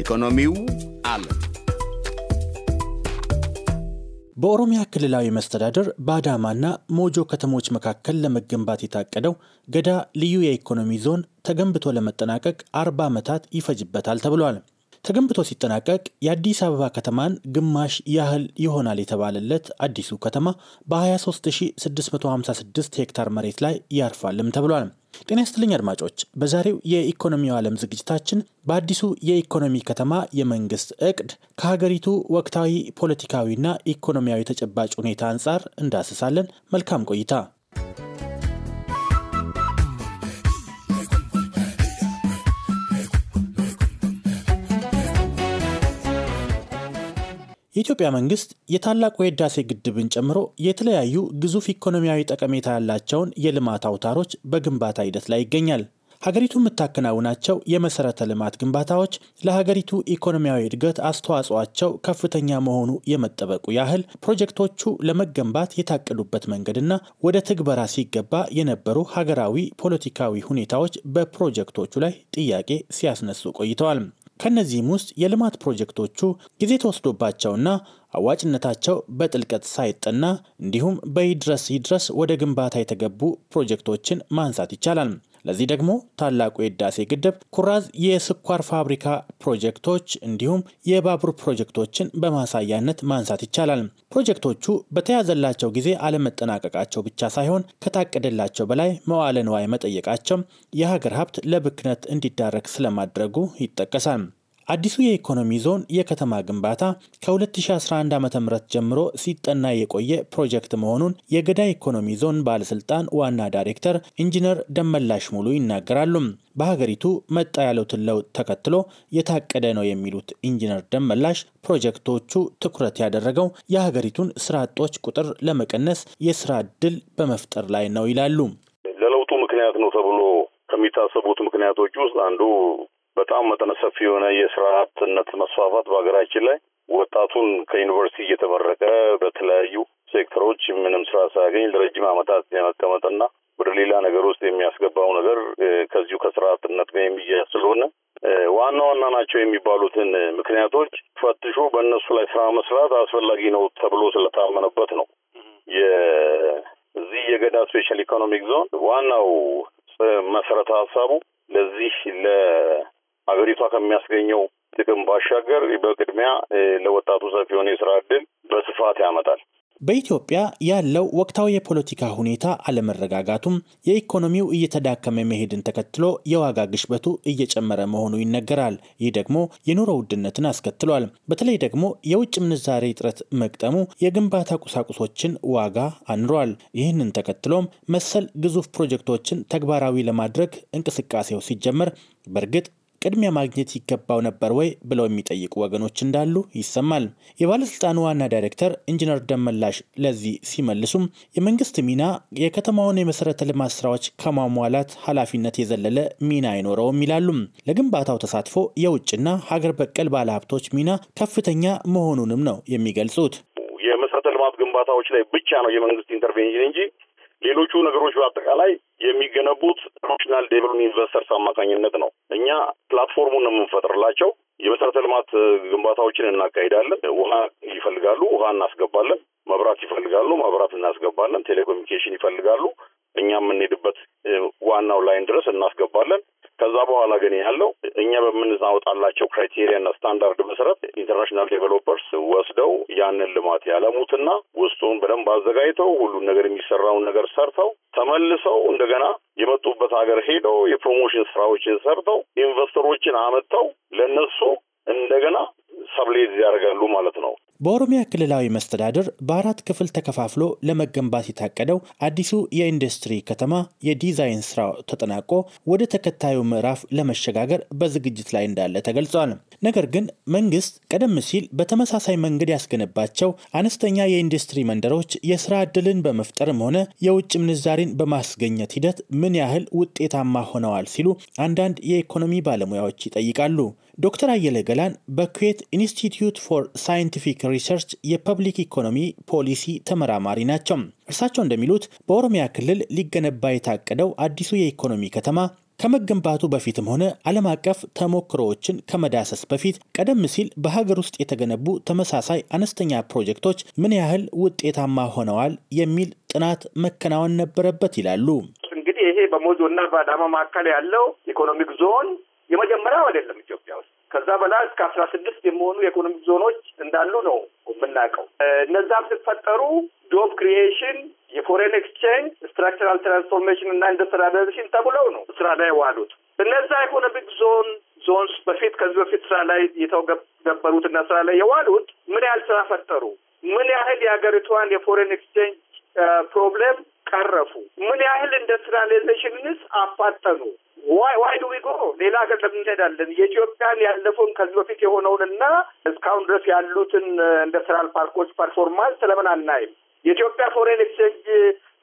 ኢኮኖሚው አለ። በኦሮሚያ ክልላዊ መስተዳደር በአዳማና ሞጆ ከተሞች መካከል ለመገንባት የታቀደው ገዳ ልዩ የኢኮኖሚ ዞን ተገንብቶ ለመጠናቀቅ አርባ ዓመታት ይፈጅበታል ተብሏል። ተገንብቶ ሲጠናቀቅ የአዲስ አበባ ከተማን ግማሽ ያህል ይሆናል የተባለለት አዲሱ ከተማ በ23656 ሄክታር መሬት ላይ ያርፋልም ተብሏል። ጤና ይስጥልኝ አድማጮች፣ በዛሬው የኢኮኖሚው ዓለም ዝግጅታችን በአዲሱ የኢኮኖሚ ከተማ የመንግስት እቅድ ከሀገሪቱ ወቅታዊ ፖለቲካዊና ኢኮኖሚያዊ ተጨባጭ ሁኔታ አንጻር እንዳስሳለን። መልካም ቆይታ። የኢትዮጵያ መንግስት የታላቁ የህዳሴ ግድብን ጨምሮ የተለያዩ ግዙፍ ኢኮኖሚያዊ ጠቀሜታ ያላቸውን የልማት አውታሮች በግንባታ ሂደት ላይ ይገኛል። ሀገሪቱ የምታከናውናቸው የመሰረተ ልማት ግንባታዎች ለሀገሪቱ ኢኮኖሚያዊ እድገት አስተዋጽኦቸው ከፍተኛ መሆኑ የመጠበቁ ያህል ፕሮጀክቶቹ ለመገንባት የታቀዱበት መንገድና ወደ ትግበራ ሲገባ የነበሩ ሀገራዊ ፖለቲካዊ ሁኔታዎች በፕሮጀክቶቹ ላይ ጥያቄ ሲያስነሱ ቆይተዋል። ከእነዚህም ውስጥ የልማት ፕሮጀክቶቹ ጊዜ ተወስዶባቸውና አዋጭነታቸው በጥልቀት ሳይጠና እንዲሁም በይድረስ ይድረስ ወደ ግንባታ የተገቡ ፕሮጀክቶችን ማንሳት ይቻላል። ለዚህ ደግሞ ታላቁ የህዳሴ ግድብ፣ ኩራዝ የስኳር ፋብሪካ ፕሮጀክቶች እንዲሁም የባቡር ፕሮጀክቶችን በማሳያነት ማንሳት ይቻላል። ፕሮጀክቶቹ በተያዘላቸው ጊዜ አለመጠናቀቃቸው ብቻ ሳይሆን ከታቀደላቸው በላይ መዋለ ንዋይ መጠየቃቸው የሀገር ሀብት ለብክነት እንዲዳረግ ስለማድረጉ ይጠቀሳል። አዲሱ የኢኮኖሚ ዞን የከተማ ግንባታ ከ2011 ዓ ም ጀምሮ ሲጠና የቆየ ፕሮጀክት መሆኑን የገዳ ኢኮኖሚ ዞን ባለስልጣን ዋና ዳይሬክተር ኢንጂነር ደመላሽ ሙሉ ይናገራሉ። በሀገሪቱ መጣ ያሉትን ለውጥ ተከትሎ የታቀደ ነው የሚሉት ኢንጂነር ደመላሽ ፕሮጀክቶቹ ትኩረት ያደረገው የሀገሪቱን ስራ አጦች ቁጥር ለመቀነስ የስራ እድል በመፍጠር ላይ ነው ይላሉ። ለለውጡ ምክንያት ነው ተብሎ ከሚታሰቡት ምክንያቶች ውስጥ አንዱ በጣም መጠነ ሰፊ የሆነ የስራ አጥነት መስፋፋት በሀገራችን ላይ ወጣቱን ከዩኒቨርሲቲ እየተመረቀ በተለያዩ ሴክተሮች ምንም ስራ ሳያገኝ ለረጅም ዓመታት የመቀመጥና ወደ ሌላ ነገር ውስጥ የሚያስገባው ነገር ከዚሁ ከስራ አጥነት ጋር የሚያያዝ ስለሆነ ዋና ዋና ናቸው የሚባሉትን ምክንያቶች ፈትሾ በእነሱ ላይ ስራ መስራት አስፈላጊ ነው ተብሎ ስለታመነበት ነው። የዚህ የገዳ ስፔሻል ኢኮኖሚክ ዞን ዋናው መሰረተ ሀሳቡ ለዚህ ሀገሪቷ ከሚያስገኘው ጥቅም ባሻገር በቅድሚያ ለወጣቱ ሰፊ የሆነ የስራ እድል በስፋት ያመጣል። በኢትዮጵያ ያለው ወቅታዊ የፖለቲካ ሁኔታ አለመረጋጋቱም የኢኮኖሚው እየተዳከመ መሄድን ተከትሎ የዋጋ ግሽበቱ እየጨመረ መሆኑ ይነገራል። ይህ ደግሞ የኑሮ ውድነትን አስከትሏል። በተለይ ደግሞ የውጭ ምንዛሬ እጥረት መግጠሙ የግንባታ ቁሳቁሶችን ዋጋ አንሯል። ይህንን ተከትሎም መሰል ግዙፍ ፕሮጀክቶችን ተግባራዊ ለማድረግ እንቅስቃሴው ሲጀመር በእርግጥ ቅድሚያ ማግኘት ይገባው ነበር ወይ ብለው የሚጠይቁ ወገኖች እንዳሉ ይሰማል። የባለስልጣኑ ዋና ዳይሬክተር ኢንጂነር ደመላሽ ለዚህ ሲመልሱም የመንግስት ሚና የከተማውን የመሰረተ ልማት ስራዎች ከማሟላት ኃላፊነት የዘለለ ሚና አይኖረውም ይላሉ። ለግንባታው ተሳትፎ የውጭና ሀገር በቀል ባለሀብቶች ሚና ከፍተኛ መሆኑንም ነው የሚገልጹት። የመሰረተ ልማት ግንባታዎች ላይ ብቻ ነው የመንግስት ኢንተርቬንሽን እንጂ ሌሎቹ ነገሮች በአጠቃላይ የሚገነቡት ናሽናል ዴቨሎፕ ኢንቨስተርስ አማካኝነት ነው። እኛ ፕላትፎርሙን ነው የምንፈጥርላቸው። የመሰረተ ልማት ግንባታዎችን እናካሂዳለን። ውሃ ይፈልጋሉ፣ ውሃ እናስገባለን። መብራት ይፈልጋሉ፣ መብራት እናስገባለን። ቴሌኮሙኒኬሽን ይፈልጋሉ፣ እኛ የምንሄድበት ዋናው ላይን ድረስ እናስገባለን። ከዛ በኋላ ግን ያለው እኛ ክራይቴሪያ ክራይቴሪያና ስታንዳርድ መሰረት ኢንተርናሽናል ዴቨሎፐርስ ወስደው ያንን ልማት ያለሙትና ውስጡን በደንብ አዘጋጅተው ሁሉን ነገር የሚሰራውን ነገር ሰርተው ተመልሰው እንደገና የመጡበት ሀገር ሄደው የፕሮሞሽን ስራዎችን ሰርተው ኢንቨስተሮችን አመጥተው ለነሱ እንደገና ሰብሌዝ ያደርጋሉ ማለት ነው። በኦሮሚያ ክልላዊ መስተዳድር በአራት ክፍል ተከፋፍሎ ለመገንባት የታቀደው አዲሱ የኢንዱስትሪ ከተማ የዲዛይን ስራው ተጠናቆ ወደ ተከታዩ ምዕራፍ ለመሸጋገር በዝግጅት ላይ እንዳለ ተገልጿል። ነገር ግን መንግስት ቀደም ሲል በተመሳሳይ መንገድ ያስገነባቸው አነስተኛ የኢንዱስትሪ መንደሮች የስራ ዕድልን በመፍጠርም ሆነ የውጭ ምንዛሪን በማስገኘት ሂደት ምን ያህል ውጤታማ ሆነዋል ሲሉ አንዳንድ የኢኮኖሚ ባለሙያዎች ይጠይቃሉ። ዶክተር አየለ ገላን በኩዌት ኢንስቲትዩት ፎር ሳይንቲፊክ ሪሰርች የፐብሊክ ኢኮኖሚ ፖሊሲ ተመራማሪ ናቸው። እርሳቸው እንደሚሉት በኦሮሚያ ክልል ሊገነባ የታቀደው አዲሱ የኢኮኖሚ ከተማ ከመገንባቱ በፊትም ሆነ ዓለም አቀፍ ተሞክሮዎችን ከመዳሰስ በፊት ቀደም ሲል በሀገር ውስጥ የተገነቡ ተመሳሳይ አነስተኛ ፕሮጀክቶች ምን ያህል ውጤታማ ሆነዋል የሚል ጥናት መከናወን ነበረበት ይላሉ። እንግዲህ ይሄ በሞጆ እና በአዳማ መካከል ያለው ኢኮኖሚክ ዞን የመጀመሪያው አይደለም ኢትዮጵያ ውስጥ ከዛ በላይ እስከ አስራ ስድስት የሚሆኑ የኢኮኖሚ ዞኖች እንዳሉ ነው የምናውቀው። እነዛም ሲፈጠሩ ጆብ ክሪኤሽን፣ የፎሬን ኤክስቼንጅ፣ ስትራክቸራል ትራንስፎርሜሽን እና ኢንዱስትሪላይዜሽን ተብለው ነው ስራ ላይ የዋሉት እነዛ ኢኮኖሚክ ዞን ዞንስ በፊት ከዚህ በፊት ስራ ላይ የተገበሩትና ስራ ላይ የዋሉት ምን ያህል ስራ ፈጠሩ? ምን ያህል የሀገሪቷን የፎሬን ኤክስቼንጅ ፕሮብሌም ቀረፉ? ምን ያህል ኢንዱስትሪያላይዜሽንንስ አፋጠኑ? ዋይ ዋይ ዱ ዊጎ ሌላ ሀገር ለምን እንሄዳለን? የኢትዮጵያን ያለፈውን ከዚህ በፊት የሆነውንና እስካሁን ድረስ ያሉትን ኢንዱስትሪያል ፓርኮች ፐርፎርማንስ ለምን አናይም? የኢትዮጵያ ፎሬን ኤክስቼንጅ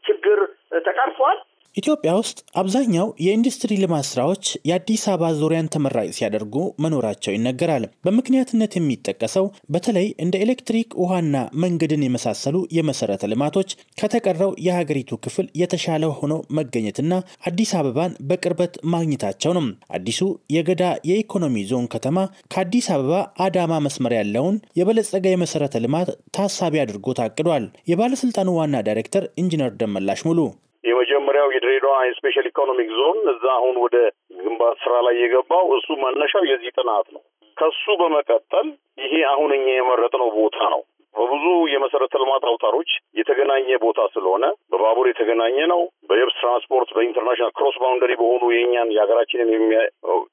ችግር ተቀርፏል። ኢትዮጵያ ውስጥ አብዛኛው የኢንዱስትሪ ልማት ስራዎች የአዲስ አበባ ዙሪያን ተመራጭ ሲያደርጉ መኖራቸው ይነገራል። በምክንያትነት የሚጠቀሰው በተለይ እንደ ኤሌክትሪክ፣ ውሃና መንገድን የመሳሰሉ የመሰረተ ልማቶች ከተቀረው የሀገሪቱ ክፍል የተሻለ ሆኖ መገኘትና አዲስ አበባን በቅርበት ማግኘታቸው ነው። አዲሱ የገዳ የኢኮኖሚ ዞን ከተማ ከአዲስ አበባ አዳማ መስመር ያለውን የበለጸገ የመሰረተ ልማት ታሳቢ አድርጎ ታቅዷል። የባለስልጣኑ ዋና ዳይሬክተር ኢንጂነር ደመላሽ ሙሉ የመጀመሪያው የድሬዳዋ ስፔሻል ኢኮኖሚክ ዞን እዛ አሁን ወደ ግንባታ ስራ ላይ የገባው እሱ መነሻው የዚህ ጥናት ነው። ከሱ በመቀጠል ይሄ አሁን እኛ የመረጥነው ቦታ ነው። በብዙ የመሰረተ ልማት አውታሮች የተገናኘ ቦታ ስለሆነ በባቡር የተገናኘ ነው። በየብስ ትራንስፖርት፣ በኢንተርናሽናል ክሮስ ባውንደሪ በሆኑ የእኛን የሀገራችንን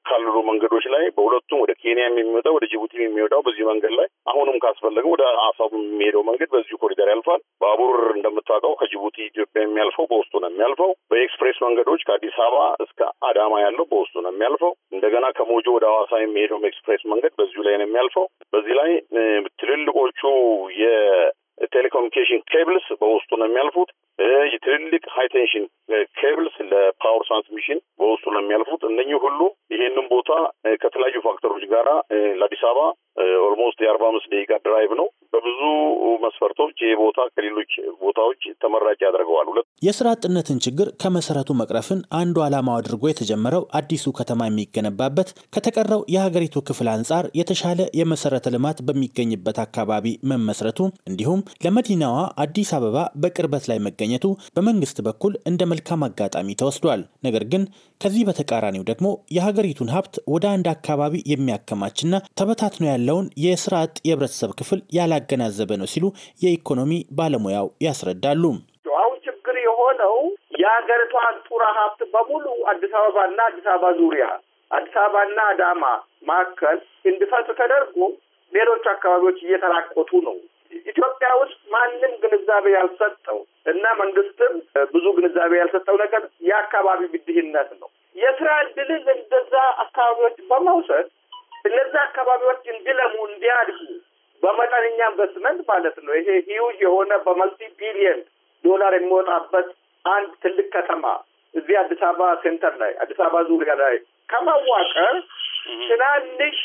ካሉ መንገዶች ላይ በሁለቱም ወደ ኬንያም የሚወጣው ወደ ጅቡቲም የሚወጣው በዚህ መንገድ ላይ አሁንም ካስፈለገ ወደ አሰብ የሚሄደው መንገድ በዚሁ ኮሪደር ያልፋል። ባቡር እንደምታውቀው ከጅቡቲ ኢትዮጵያ የሚያልፈው በውስጡ ነው የሚያልፈው። በኤክስፕሬስ መንገዶች ከአዲስ አበባ እስከ አዳማ ያለው በውስጡ ነው የሚያልፈው። እንደገና ከሞጆ ወደ ሐዋሳ የሚሄደው ኤክስፕሬስ መንገድ በዚሁ ላይ ነው የሚያልፈው። በዚህ ላይ ትልልቆቹ የቴሌኮሙኒኬሽን ኬብልስ በውስጡ ነው የሚያልፉት። የትልልቅ ሃይቴንሽን ኬብልስ ለፓወር ትራንስሚሽን በውስጡ ለሚያልፉት እነኚህ ሁሉ ይሄንን ቦታ ከተለያዩ ፋክተሮች ጋር ለአዲስ አበባ ኦልሞስት የአርባ አምስት ደቂቃ ድራይቭ ነው። በብዙ መስፈርቶች ይህ ቦታ ከሌሎች ቦታዎች ተመራጭ ያደርገዋል። ሁለት የስራ አጥነትን ችግር ከመሰረቱ መቅረፍን አንዱ ዓላማው አድርጎ የተጀመረው አዲሱ ከተማ የሚገነባበት ከተቀረው የሀገሪቱ ክፍል አንጻር የተሻለ የመሰረተ ልማት በሚገኝበት አካባቢ መመስረቱ እንዲሁም ለመዲናዋ አዲስ አበባ በቅርበት ላይ መገኘ መገኘቱ በመንግስት በኩል እንደ መልካም አጋጣሚ ተወስዷል። ነገር ግን ከዚህ በተቃራኒው ደግሞ የሀገሪቱን ሀብት ወደ አንድ አካባቢ የሚያከማችና ተበታትኖ ያለውን የስራ አጥ የህብረተሰብ ክፍል ያላገናዘበ ነው ሲሉ የኢኮኖሚ ባለሙያው ያስረዳሉ። አሁን ችግር የሆነው የሀገሪቷን ጡራ ሀብት በሙሉ አዲስ አበባና አዲስ አበባ ዙሪያ አዲስ አበባና አዳማ ማዕከል እንዲፈስ ተደርጎ ሌሎች አካባቢዎች እየተራቆቱ ነው። ኢትዮጵያ ውስጥ ማንም ግንዛቤ ያልሰጠው እና መንግስትም ብዙ ግንዛቤ ያልሰጠው ነገር የአካባቢ ብድህነት ነው። የስራ እድልን እንደዛ አካባቢዎች በመውሰድ እነዛ አካባቢዎች እንዲለሙ እንዲያድጉ በመጠነኛ ኢንቨስትመንት ማለት ነው። ይሄ ሂዩጅ የሆነ በመልቲ ቢሊየን ዶላር የሚወጣበት አንድ ትልቅ ከተማ እዚህ አዲስ አበባ ሴንተር ላይ አዲስ አበባ ዙሪያ ላይ ከማዋቀር ትናንሽ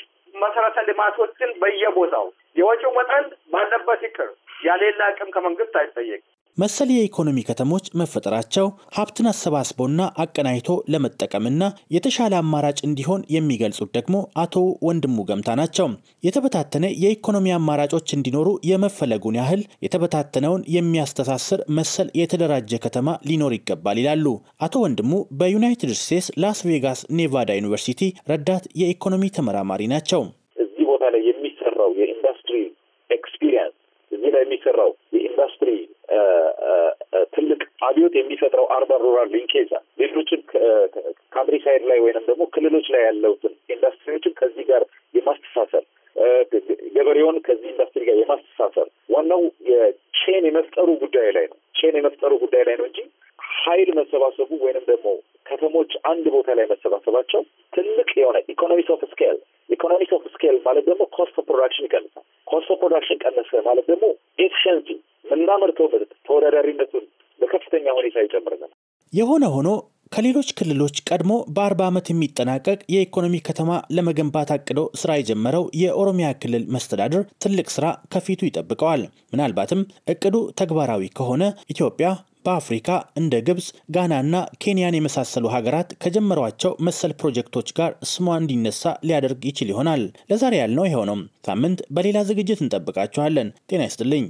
መሰረተ ልማቶችን በየቦታው የወጪው መጠን ባለበት ይቅር፣ ያሌለ አቅም ከመንግስት አይጠየቅ። መሰል የኢኮኖሚ ከተሞች መፈጠራቸው ሀብትን አሰባስቦና አቀናጅቶ ለመጠቀምና የተሻለ አማራጭ እንዲሆን የሚገልጹት ደግሞ አቶ ወንድሙ ገምታ ናቸው። የተበታተነ የኢኮኖሚ አማራጮች እንዲኖሩ የመፈለጉን ያህል የተበታተነውን የሚያስተሳስር መሰል የተደራጀ ከተማ ሊኖር ይገባል ይላሉ አቶ ወንድሙ። በዩናይትድ ስቴትስ ላስ ቬጋስ ኔቫዳ ዩኒቨርሲቲ ረዳት የኢኮኖሚ ተመራማሪ ናቸው። ህይወት የሚፈጥረው አርባን ሩራል ሊንኬጅ ሌሎችን ካንትሪ ሳይድ ላይ ወይንም ደግሞ ክልሎች ላይ ያለውትን ኢንዱስትሪዎችን ከዚህ ጋር የማስተሳሰር ገበሬውን ከዚህ ኢንዱስትሪ ጋር የማስተሳሰር ዋናው የቼን የመፍጠሩ ጉዳይ ላይ ነው። ቼን የመፍጠሩ ጉዳይ ላይ ነው እንጂ ሀይል መሰባሰቡ ወይንም ደግሞ ከተሞች አንድ ቦታ ላይ መሰባሰባቸው ትልቅ የሆነ ኢኮኖሚስ ኦፍ ስኬል ኢኮኖሚስ ኦፍ ስኬል ማለት ደግሞ ኮስት ኦፍ ፕሮዳክሽን ይቀንሳል። ኮስት ኦፍ ፕሮዳክሽን ቀነሰ ማለት ደግሞ ኤፊሽንሲ የምናመርተው ምርት ተወዳዳሪነቱን ሀበሻ ይጨምርናል። የሆነ ሆኖ ከሌሎች ክልሎች ቀድሞ በ40 ዓመት የሚጠናቀቅ የኢኮኖሚ ከተማ ለመገንባት አቅዶ ስራ የጀመረው የኦሮሚያ ክልል መስተዳድር ትልቅ ስራ ከፊቱ ይጠብቀዋል። ምናልባትም እቅዱ ተግባራዊ ከሆነ ኢትዮጵያ በአፍሪካ እንደ ግብፅ፣ ጋናና ኬንያን የመሳሰሉ ሀገራት ከጀመሯቸው መሰል ፕሮጀክቶች ጋር ስሟ እንዲነሳ ሊያደርግ ይችል ይሆናል። ለዛሬ ያልነው ይኸው ሳምንት በሌላ ዝግጅት እንጠብቃችኋለን። ጤና ይስጥልኝ።